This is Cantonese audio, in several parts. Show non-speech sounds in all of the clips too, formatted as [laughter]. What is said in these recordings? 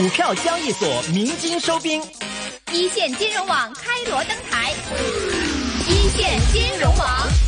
股票交易所鳴金收兵，一線金融網開鑼登台，一線金融網。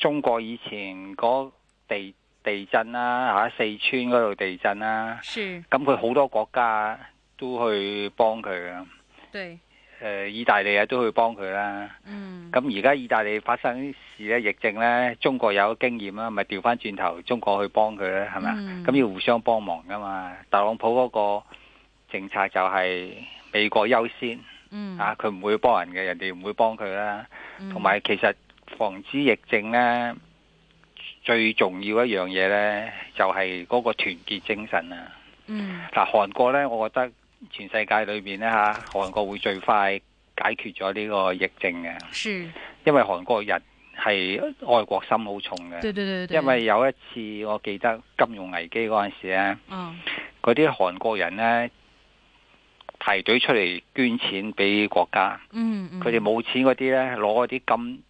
中國以前嗰地地震啦，嚇、啊、四川嗰度地震啦，咁佢好多國家都去幫佢噶。對、呃，意大利啊都去幫佢啦。嗯，咁而家意大利發生啲事咧，疫症呢，中國有經驗啦，咪調翻轉頭中國去幫佢啦，係咪？咁要互相幫忙噶嘛。特朗普嗰個政策就係美國優先，嗯、啊，佢唔會幫人嘅，人哋唔會幫佢啦。同埋、嗯、其實。防止疫症呢，最重要一樣嘢呢，就係嗰個團結精神啊！嗯，嗱，韓國呢，我覺得全世界裏邊呢，吓，韓國會最快解決咗呢個疫症嘅。是因為韓國人係愛國心好重嘅。對對對對。因為有一次我記得金融危機嗰陣時咧，嗰啲韓國人呢，排隊出嚟捐錢俾國家。佢哋冇錢嗰啲呢，攞嗰啲金，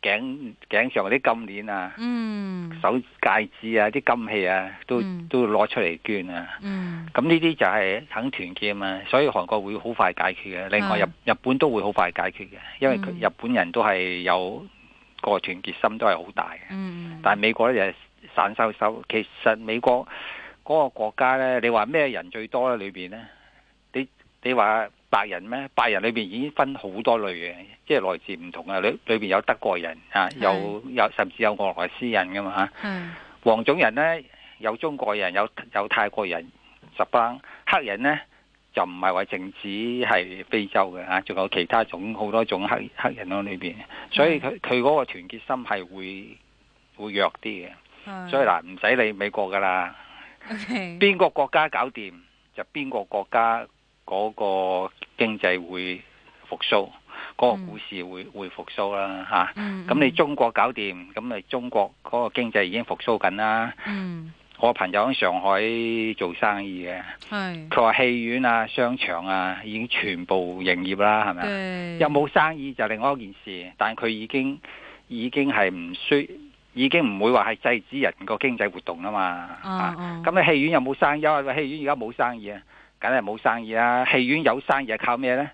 頸頸上嗰啲金鏈啊，嗯，手戒指啊，啲金器啊，都、嗯、都攞出嚟捐啊，嗯，咁呢啲就係肯團結啊嘛，所以韓國會好快解決嘅，另外日本、嗯、日本都會好快解決嘅，因為佢日本人都係有、嗰個團結心都係好大嘅，嗯，但係美國咧就係、是、散修修，其實美國嗰個國家咧，你話咩人最多咧裏邊咧，你你話？你白人咩？白人裏邊已經分好多類嘅，即係來自唔同嘅，裏裏邊有德國人 Okay. 啊，有有甚至有俄羅斯人噶嘛吓。Okay. 黃種人呢，有中國人，有有泰國人十班。黑人呢，就唔係話淨止係非洲嘅吓，仲、啊、有其他種好多種黑黑人喺裏邊。Okay. 所以佢佢嗰個團結心係會會弱啲嘅。Okay. 所以嗱，唔使理美國噶啦，邊 Okay. 個國家搞掂就邊個國家。嗰個經濟會復甦，嗰、嗰個股市會、嗯、會復甦啦嚇。咁、嗯啊、你中國搞掂，咁你中國嗰個經濟已經復甦緊啦。嗯、我朋友喺上海做生意嘅，佢話是戲院啊、商場啊已經全部營業啦，係咪又冇生意就另外一件事，但佢已經已經係唔需，已經唔會話係制止人個經濟活動啊嘛。咁、嗯啊、你戲院又冇生意啊？因為戲院而家冇生意啊？梗係冇生意啦、啊！戲院有生意係靠咩呢？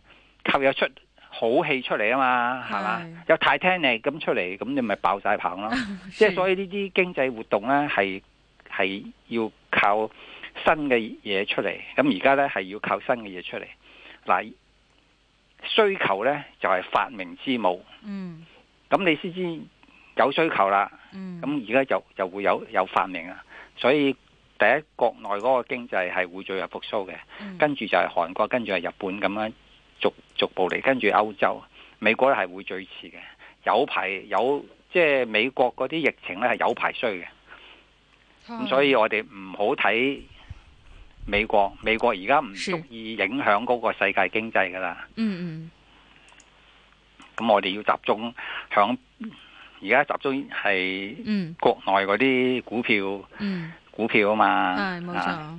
靠有出好戲出嚟啊嘛，係嘛的？有泰坦尼咁出嚟，咁你咪爆晒棚咯。即係 [laughs] 所以呢啲經濟活動呢，係係要靠新嘅嘢出嚟。咁而家呢，係要靠新嘅嘢出嚟。嗱，需求呢，就係、是、發明之母。嗯。咁你先知，有需求啦。嗯。咁而家就就會有有發明啊，所以。第一，國內嗰個經濟係會最有復甦嘅，嗯、跟住就係韓國，跟住係日本咁樣逐逐步嚟，跟住歐洲、美國咧係會最遲嘅。有排有，即、就、係、是、美國嗰啲疫情咧係有排衰嘅。咁、啊、所以我哋唔好睇美國，美國而家唔足以影響嗰個世界經濟噶啦。嗯嗯。咁我哋要集中響而家集中係國內嗰啲股票。嗯嗯嗯股票啊嘛，係冇錯。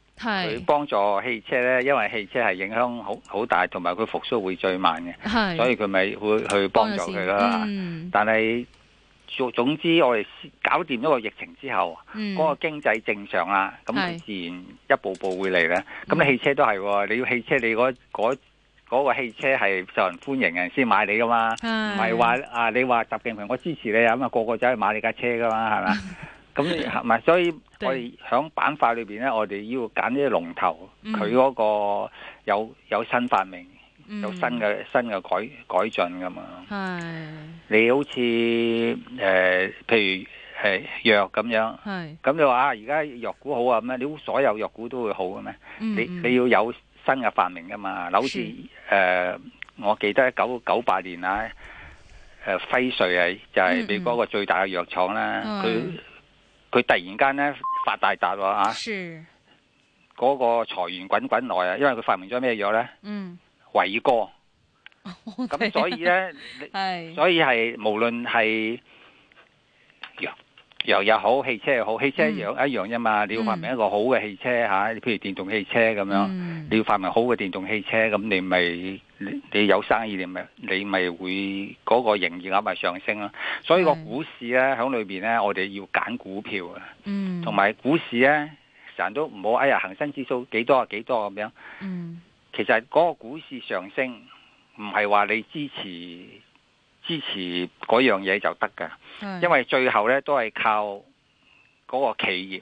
佢是幫助汽車呢，因為汽車係影響好好大，同埋佢復甦會最慢嘅，是所以佢咪會去幫助佢啦。嗯、但係總之，我哋搞掂咗個疫情之後，嗰、嗯、個經濟正常啦，咁自然一步步會嚟咧。咁是汽車都係，你要汽車，你嗰、嗰個汽車係受人歡迎嘅先買你噶嘛，唔係話啊你話習近平，我支持你啊，咁、咁、啊個個走去買你架車噶嘛，係咪？ [laughs] 咁咪所以我哋喺板塊裏邊咧，我哋要揀啲龍頭，佢嗰個有有新發明，有新嘅新嘅改改進噶嘛。係你好似誒，譬如係藥咁樣，咁你話而家藥股好啊咩？你所有藥股都會好嘅咩？你你要有新嘅發明噶嘛。嗱，好似誒，我記得一九九八年啦，誒輝瑞就係美國個最大嘅藥廠啦，佢。佢突然間咧發大達喎嚇，嗰個財源滾滾來啊！因為佢發明咗咩藥咧？嗯，偉哥。咁所以咧，所以係無論係藥藥又好，汽車又好，汽車一樣一樣啫嘛。你要發明一個好嘅汽車嚇，譬如電動汽車咁樣，你要發明好嘅電動汽車，咁你咪。你有生意，你咪你咪會嗰個營業額咪上升啦。所以個股市咧喺是裏邊咧，我哋要揀股票啊。嗯，同埋股市咧，成日都唔好哎呀，恒生指數幾多啊，幾多咁樣。嗯，其實嗰個股市上升，唔係話你支持支持嗰樣嘢就得噶，是因為最後咧都係靠嗰個企業。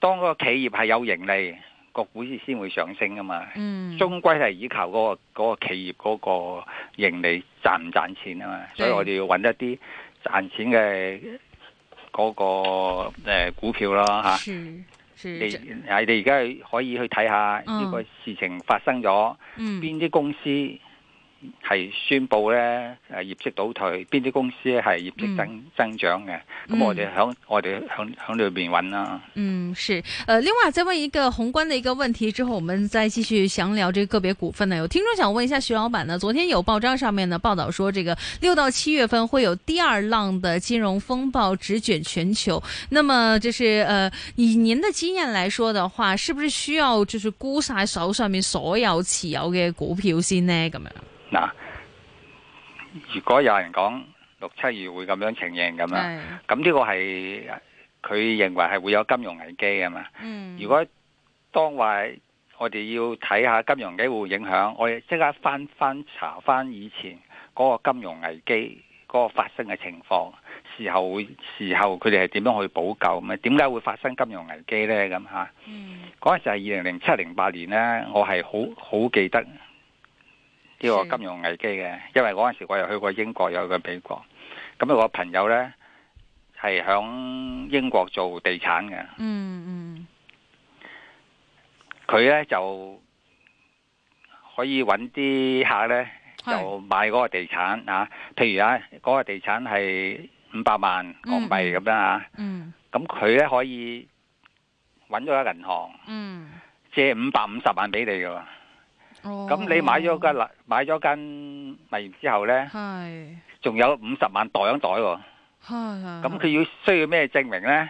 當個企業係有盈利，個股市先會上升噶嘛，終歸係依靠嗰、嗰個、嗰個企業嗰個盈利賺唔賺錢啊嘛，所以我哋要揾一啲賺錢嘅嗰個誒股票啦吓，你係你而家可以去睇下呢個事情發生咗邊啲公司。.係宣布咧，誒，業績倒退，邊啲公司係業績增、嗯、增長嘅？咁我哋響、嗯、我哋響響裏邊揾啦。嗯，是，誒、呃，另外再問一個宏觀的一個問題之後，我們再繼續詳聊這個，個別股份呢？有聽眾想問一下徐老闆呢？昨天有報章上面呢報道說，這個六到七月份會有第二浪的金融風暴，直捲全球。那麼就是，誒、呃，以您的經驗來說的話，是不是需要就是沽晒手上面所有持有嘅股票先呢？咁樣。嗱，如果有人講六七月會咁樣情形，咁樣，咁呢的個係佢認為係會有金融危機啊嘛。嗯、如果當話我哋要睇下金融危機影響，我哋即刻翻翻查翻以前嗰個金融危機嗰、嗰個發生嘅情況，事後事後佢哋係點樣去補救？咁啊，點解會發生金融危機咧？咁吓，嗰陣就係二零零七零八年咧，我係好好記得。呢個金融危機嘅，因為嗰陣時我又去過英國，又去過美國，咁有我朋友呢，係響英國做地產嘅。嗯。嗯嗯。佢呢，就可以揾啲客呢，就是買嗰個地產啊，譬如啊，嗰、嗰個地產係五百萬港幣咁啦啊。咁佢、嗯嗯、呢，可以揾到一個銀行，嗯、借五百五十萬俾你嘅。咁、哦、你買咗間、哦、買咗間物業之後咧，仲是有五十萬袋袋，咁佢要需要咩證明呢？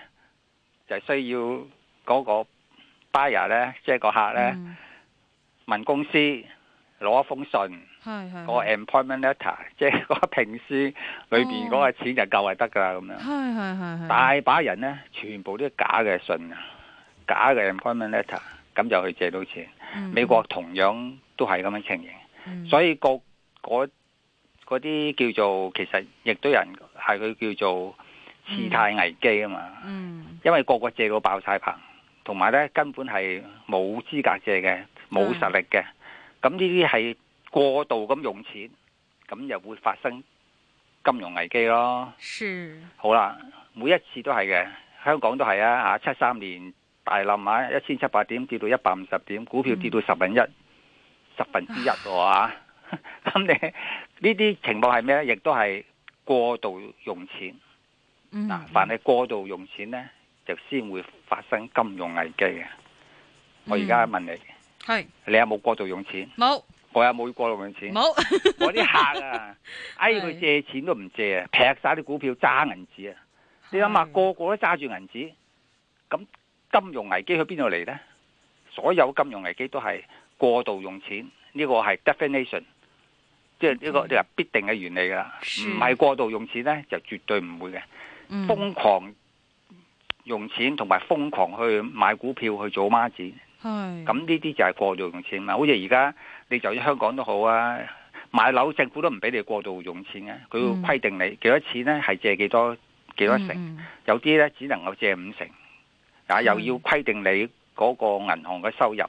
就需要嗰個 buyer 呢，即、就、係、是、個客呢，嗯、問公司攞一封信，是是是個 employment letter，即係個聘書裏邊嗰個錢就夠係得噶啦，咁樣。大把人呢，全部都係假嘅信啊，假嘅 employment letter，咁就去借到錢。嗯、美國同樣都係咁樣情形，嗯、所以各嗰啲叫做，其實亦都有人係佢叫做次貸危機啊嘛，嗯嗯、因為個個借到爆晒棚，同埋咧根本係冇資格借嘅，冇實力嘅，咁呢啲係過度咁用錢，咁又會發生金融危機咯。是好啦，每一次都係嘅，香港都係啊，吓七三年。大冧啊，一千七百點跌到一百五十點，股票跌到十分一，嗯、十分之一嘅，啊、話，咁 [laughs] 你呢啲情況係咩？亦都係過度用錢，嗱、嗯啊，凡係過度用錢咧，就先會發生金融危機嘅。我而家問你，係、嗯、你有冇過度用錢？冇沒，我有冇過度用錢？冇沒， [laughs] 我啲客啊，哎，佢借錢都唔借啊，劈晒啲股票揸銀紙啊，你諗下是個個都揸住銀紙，咁。金融危機去邊度嚟呢？所有金融危機都係過度用錢，呢、這個係 definition，Okay. 即係呢個你話必定嘅原理噶啦。唔係的過度用錢呢，就絕對唔會嘅。嗯、瘋狂用錢同埋瘋狂去買股票去做孖展，咁呢啲就係過度用錢嘛。好似而家你就算香港都好啊，買樓政府都唔俾你過度用錢嘅，佢會規定你幾多錢呢？係借幾多幾多成，嗯嗯有啲呢只能夠借五成。啊！又要規定你嗰個銀行嘅收入，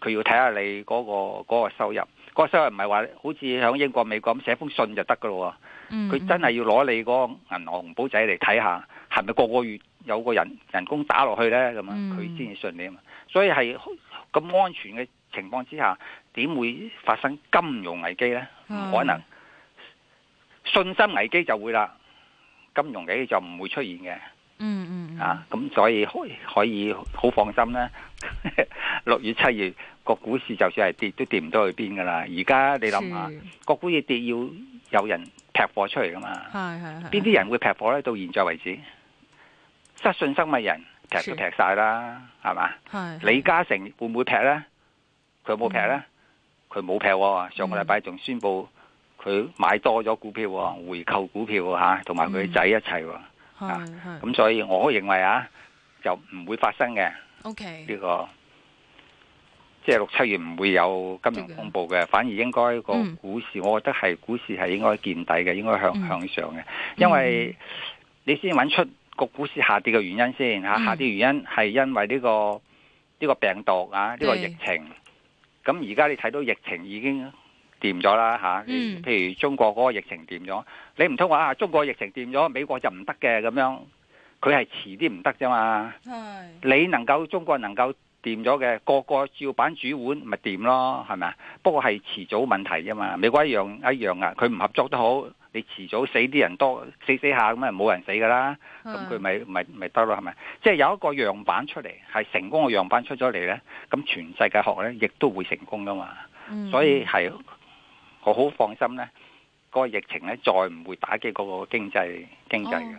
佢要睇下你嗰個嗰個收入。個收入唔係話好似響英國、美國咁寫封信就得噶咯喎。佢真係要攞你嗰個銀行紅簿仔嚟睇下，係咪個個月有個人人工打落去咧？咁啊，佢先至信你啊。所以係咁安全嘅情況之下，點會發生金融危機咧？唔可能，信心危機就會啦，金融危機就唔會出現嘅。嗯嗯，嗯啊，咁所以可以好放心啦。六 [laughs] 月七月個股市就算係跌，都跌唔到去邊噶啦。而家你諗下，是個股市跌要有人劈貨出嚟噶嘛？係，邊啲人會劈貨呢？到現在為止，失信心嘅人劈都劈晒啦，係嘛是？吧李嘉誠會唔會劈呢？佢有冇劈咧？佢冇、嗯、劈、哦。上個禮拜仲宣布佢買多咗股票，回購股票吓，同埋佢仔一齊。係，咁、啊、所以我認為啊，就唔會發生嘅。O K，呢個即係六七月唔會有金融風暴嘅，Okay. 反而應該個股市，mm. 我覺得係股市係應該見底嘅，應該向、mm. 向上嘅。因為你先揾出個股市下跌嘅原因先吓，啊 mm. 下跌原因係因為呢、呢個呢、呢個病毒啊，呢、mm. 啊呢個疫情。咁而家你睇到疫情已經，掂咗啦吓，嗯、譬如中國嗰個疫情掂咗，你唔通話啊中國疫情掂咗，美國就唔得嘅咁樣？佢係遲啲唔得啫嘛。是你能夠中國能夠掂咗嘅，個個照板煮碗咪掂咯，係咪啊？不過係遲早問題啫嘛。美國一樣一樣啊，佢唔合作都好，你遲早死啲人多死死下咁啊，冇人死噶啦，咁佢咪咪咪得咯，係咪？即係有一個樣板出嚟係成功嘅樣板出咗嚟呢。咁全世界學呢，亦都會成功噶嘛。嗯、所以係。我好放心呢，嗰、嗰個疫情咧，再唔會打擊嗰個經濟經濟嘅。嗯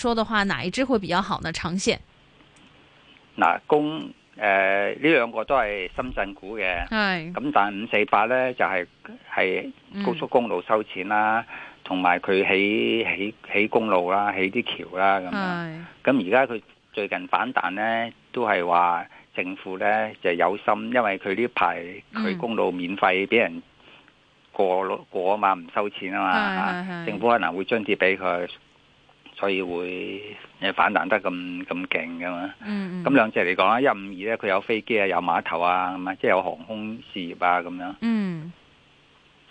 說的話，哪一支會比較好呢？長線嗱，公誒呢、呃、兩個都係深圳股嘅，咁是但係五四八呢，就係係高速公路收錢啦，嗯、同埋佢起起起公路啦，起啲橋啦咁，咁而家佢最近反彈呢，都係話政府呢就有心，因為佢呢排佢公路免費俾人過、嗯、過啊嘛，唔收錢啊嘛，政府可能會津貼俾佢。所以會反彈得咁咁勁㗎嘛，咁、mm hmm. 兩隻嚟講啊，一五二咧佢有飛機啊，有碼頭啊，咁啊即係有航空事業啊咁樣，mm hmm.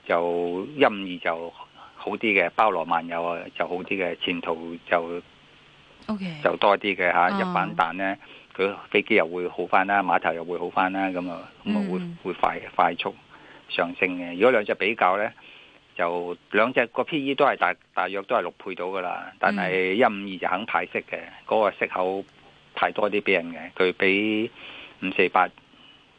就一五二就好啲嘅，包羅萬有啊，就好啲嘅，前途就 OK 就多啲嘅嚇，一反彈咧，佢、uh huh. 飛機又會好返啦，碼頭又會好返啦，咁啊咁啊會、mm hmm. 會快快速上升嘅。如果兩隻比較咧。就兩隻個 P/E 都係大大約都係六倍到噶啦，但係一五二就肯派息嘅，嗰、嗰個息口派多啲俾人嘅，佢俾五四八。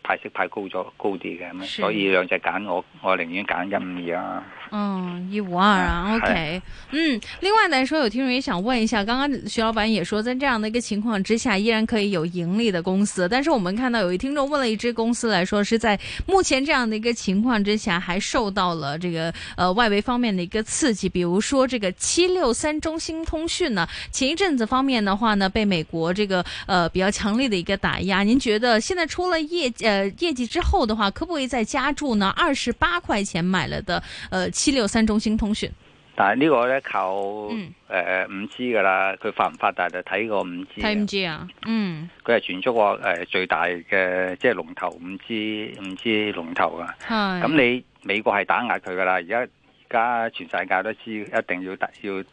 派息派高咗高啲嘅。是所以兩隻揀我，我寧願揀一五二啦。哦、嗯，一五二啊，OK，嗯。另外呢，說有聽眾也想問一下，剛剛徐老闆也說，在這樣的一個情況之下，依然可以有盈利的公司。但是我們看到有一聽眾問了一支公司，來說是在目前這樣的一個情況之下，還受到了這個呃外圍方面的一個刺激，比如說這個七六三中興通訊呢，前一陣子方面的話呢，被美國這個呃比較強烈的一個打壓。您覺得現在出了業績？呃呃呃呃呃呃呃誒、呃，業績之後嘅話，可唔可以再加注呢？二十八塊錢買嚟嘅，誒、呃，七六三中興通訊。但係呢個咧靠誒五、嗯呃、G 噶啦，佢發唔發達就睇個五 G。睇五 G 啊，嗯，佢係全中國誒最大嘅即係龍頭五 G 五 G 龍頭啊。咁你美國係打壓佢噶啦，而家而家全世界都知，一定要打要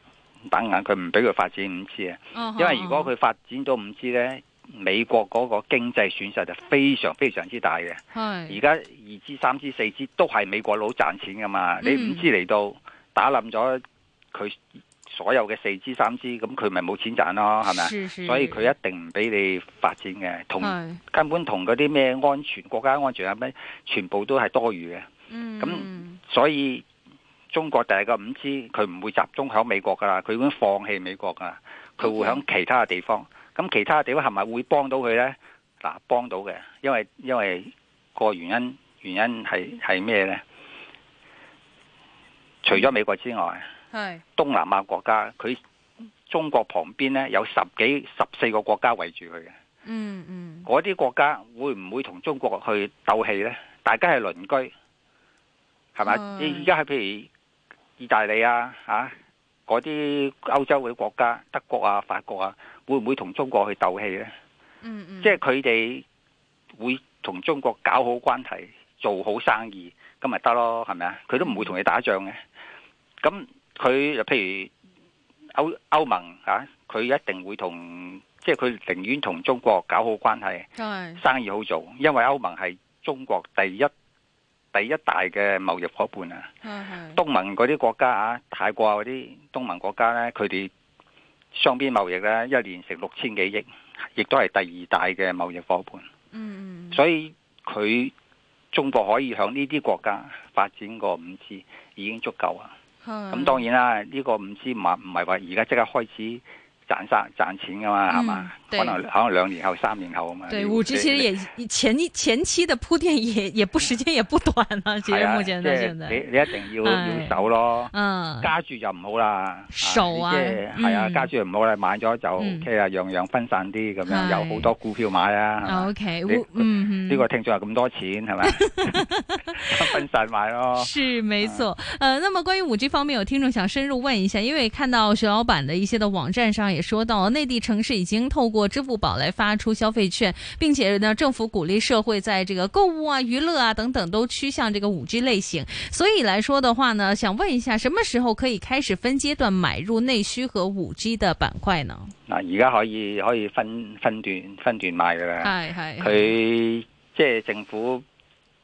打壓佢，唔俾佢發展五 G 啊。嗯、因為如果佢發展到五 G 咧。嗯嗯嗯美國嗰個經濟損失就非常非常之大嘅，而家 2G、3G、4G 都係美國佬賺錢噶嘛，嗯、你 5G 嚟到打冧咗佢所有嘅 4G、3G，咁佢咪冇錢賺咯，係咪？是所以佢一定唔俾你發展嘅，同是根本同嗰啲咩安全國家安全啊咩，全部都係多餘嘅。咁、嗯、所以中國第二個 5G 佢唔會集中喺美國噶啦，佢已經放棄美國噶，佢會喺其他嘅地方。嗯嗯咁其他地方係咪會幫到佢呢？嗱、啊，幫到嘅，因為因為個原因，原因係係咩呢？除咗美國之外，係、嗯、東南亞國家，佢中國旁邊呢，有十幾十四個國家圍住佢嘅。嗯嗯，嗰啲國家會唔會同中國去鬥氣呢？大家係鄰居，係咪？依依家係譬如意大利啊，吓、啊。嗰啲歐洲嘅國家，德國啊、法國啊，會唔會同中國去鬥氣呢？嗯嗯，即係佢哋會同中國搞好關係，做好生意，咁咪得咯，係咪啊？佢都唔會同你打仗嘅。咁佢譬如歐歐盟嚇，佢、啊、一定會同，即係佢寧願同中國搞好關係，嗯嗯，生意好做，因為歐盟係中國第一。第一大嘅貿易夥伴啊，是是東盟嗰啲國家啊，泰國嗰啲東盟國家呢，佢哋雙邊貿易呢，一年成六千幾億，亦都係第二大嘅貿易夥伴。嗯，所以佢中國可以向呢啲國家發展個五 G 已經足夠啊。咁是是當然啦，呢個五 G 唔係唔係話而家即刻開始。賺生賺錢噶嘛，係嘛？可能可能兩年後，三年後啊嘛。對，五 G 其實也前前期嘅鋪墊也也不時間也不短啊。係啊，即係你你一定要要守咯。嗯，加住就唔好啦。守啊，係啊，加住唔好啦，買咗就 OK 啊，樣樣分散啲咁樣，有好多股票買啊。OK，呢個聽眾有咁多錢係咪？分散買咯，是沒錯。呃，那麼關於五 G 方面，有聽眾想深入問一下，因為看到徐老闆的一些的網站上也說到，內地城市已經透過支付寶來發出消費券，並且呢，政府鼓勵社會在這個購物啊、娛樂啊等等都趨向這個五 G 類型。所以來說的話呢，想問一下，什麼時候可以開始分階段買入內需和五 G 的板塊呢？那而家可以可以分分段分段買噶啦，係係，佢 [noise] [noise] 即係政府。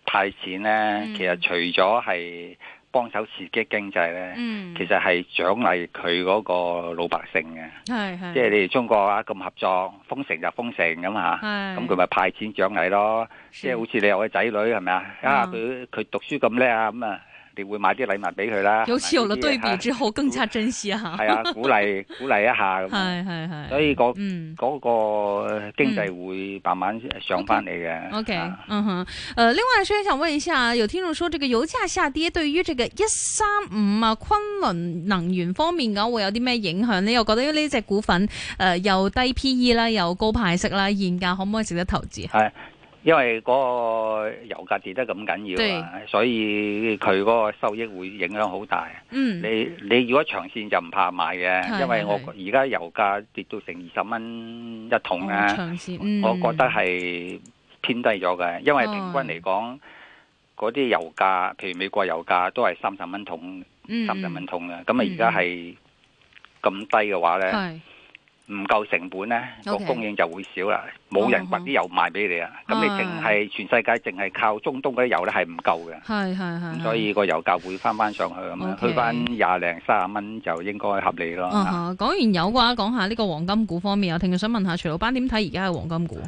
派錢咧，嗯、其實除咗係幫手刺激經濟咧，嗯、其實係獎勵佢嗰個老百姓嘅，即係是是 你哋中國啊咁合作，封城就封城咁嘛、啊。咁佢咪派錢獎勵咯，即係是 好似你有個仔女係咪是啊，啊？啊，佢佢讀書咁叻啊咁啊！哋會買啲禮物俾佢啦，尤其有，有了對比之後更加珍惜哈。係 [laughs] 啊，鼓勵鼓勵一下咁。係係係。所以嗰、那、嗰、個嗯、個經濟會慢慢上翻嚟嘅。嗯、o、okay, K，、okay, 嗯哼，誒、呃，另外，順便想問一下，有聽眾說，這個油價下跌對於這個一三五啊，昆侖能源方面講會有啲咩影響？你又覺得呢隻股份誒、呃，又低 P E 啦，又高派息啦，現價可唔可以值得投資？係。因為嗰個油價跌得咁緊要啊，對所以佢嗰個收益會影響好大。嗯，你你如果長線就唔怕買嘅，對因為我而家油價跌到成二十蚊一桶啊。哦、長線嗯、我覺得係偏低咗嘅，因為平均嚟講，嗰啲、哦、油價，譬如美國油價都係三十蚊桶、三十蚊桶啦。咁啊、嗯，而家係咁低嘅話咧。嗯嗯嗯唔夠成本呢個 Okay. 供應就會少啦，冇人掘啲油賣俾你啊！咁、uh huh. 你淨係、uh huh. 全世界淨係靠中東嗰啲油呢，係唔夠嘅。係係係，huh. 所以個油價會翻翻上去咁樣，uh huh. 去翻廿零三十蚊就應該合理咯。吓、uh，講、huh. 完油嘅話，講下呢個黃金股方面啊，我聽想問下徐老闆點睇而家嘅黃金股？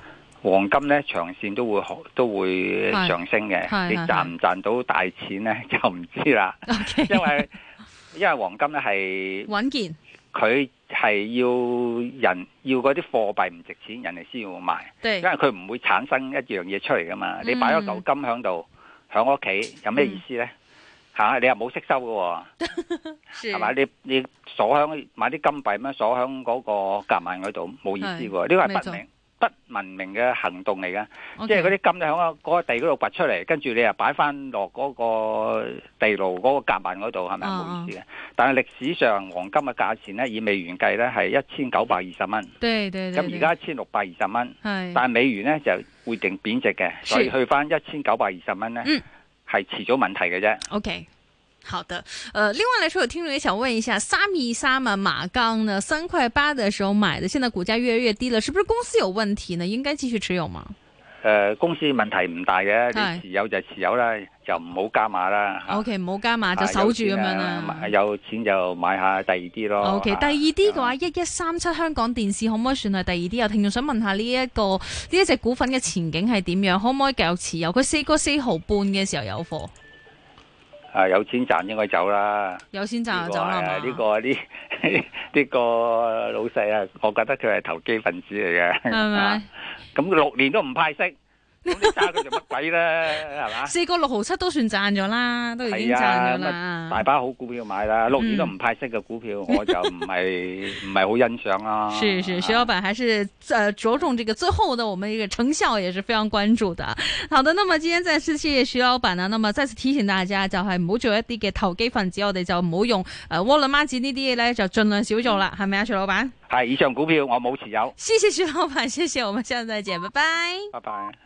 黃金呢長線都會都會上升嘅，uh huh. 你賺唔賺到大錢呢？就唔知啦。Uh huh. [laughs] 因為因為黃金呢係穩健，佢。係要人要嗰啲貨幣唔值錢，人哋先要買，對因為佢唔會產生一樣嘢出嚟噶嘛。嗯、你擺咗嚿金喺度，喺屋企有咩意思咧？嚇、嗯啊，你又冇息收嘅喎、啊，係嘛 [laughs] 是？你你鎖喺買啲金幣咩？鎖喺嗰個夾萬嗰度冇意思喎。呢個係文明不文明嘅行動嚟嘅，Okay. 即係嗰啲金就喺個地嗰度拔出嚟，跟住你又擺翻落嗰個地牢嗰個夾板嗰度，係咪冇意思嘅？但係歷史上黃金嘅價錢咧，以美元計咧係一千九百二十蚊，對對，咁而家一千六百二十蚊，但係美元咧就會定貶值嘅，uh huh. 所以去翻一千九百二十蚊咧係遲早問題嘅啫。OK。好的，呃，另外來說，有聽眾也想問一下三二三啊，y Sam 馬鋼呢，三塊八的時候買的，現在股價越來越低了，是不是公司有問題呢？應該繼續持有嘛？誒、呃，公司問題唔大嘅，是持有就持有啦，就唔好加碼啦。OK，唔好加碼就守住咁樣啦。有錢就買下第二啲咯。OK，第二啲嘅話一一三七香港電視可唔可以算係第二啲、啊？有聽眾想問下呢、這、一個呢一隻股份嘅前景係點樣，可唔可以繼續持有？佢四個四毫半嘅時候有貨。啊！有錢賺應該走啦，有錢賺就走啦。呢個呢呢個老細啊，我覺得佢係投機分子嚟嘅，係咪？咁、啊、六年都唔派息。咁啲渣股做乜鬼啦，係嘛？四個六毫七都算賺咗啦，都已經賺咗啦。大把好股票買啦，六二都唔派息嘅股票，我就唔係唔係好欣賞啦。是是，徐老闆還是誒着重這個最後的我們一個成效也是非常關注的。好的，那麼今天再次謝謝徐老闆啊，那麼再次提醒大家就係唔好做一啲嘅投機分子，我哋就唔好用誒窩輪孖子呢啲嘢，咧，就盡量少做啦，係咪啊，徐老闆？係以上股票我冇持有。謝謝徐老闆，謝謝，我們下次再見，拜拜。拜拜。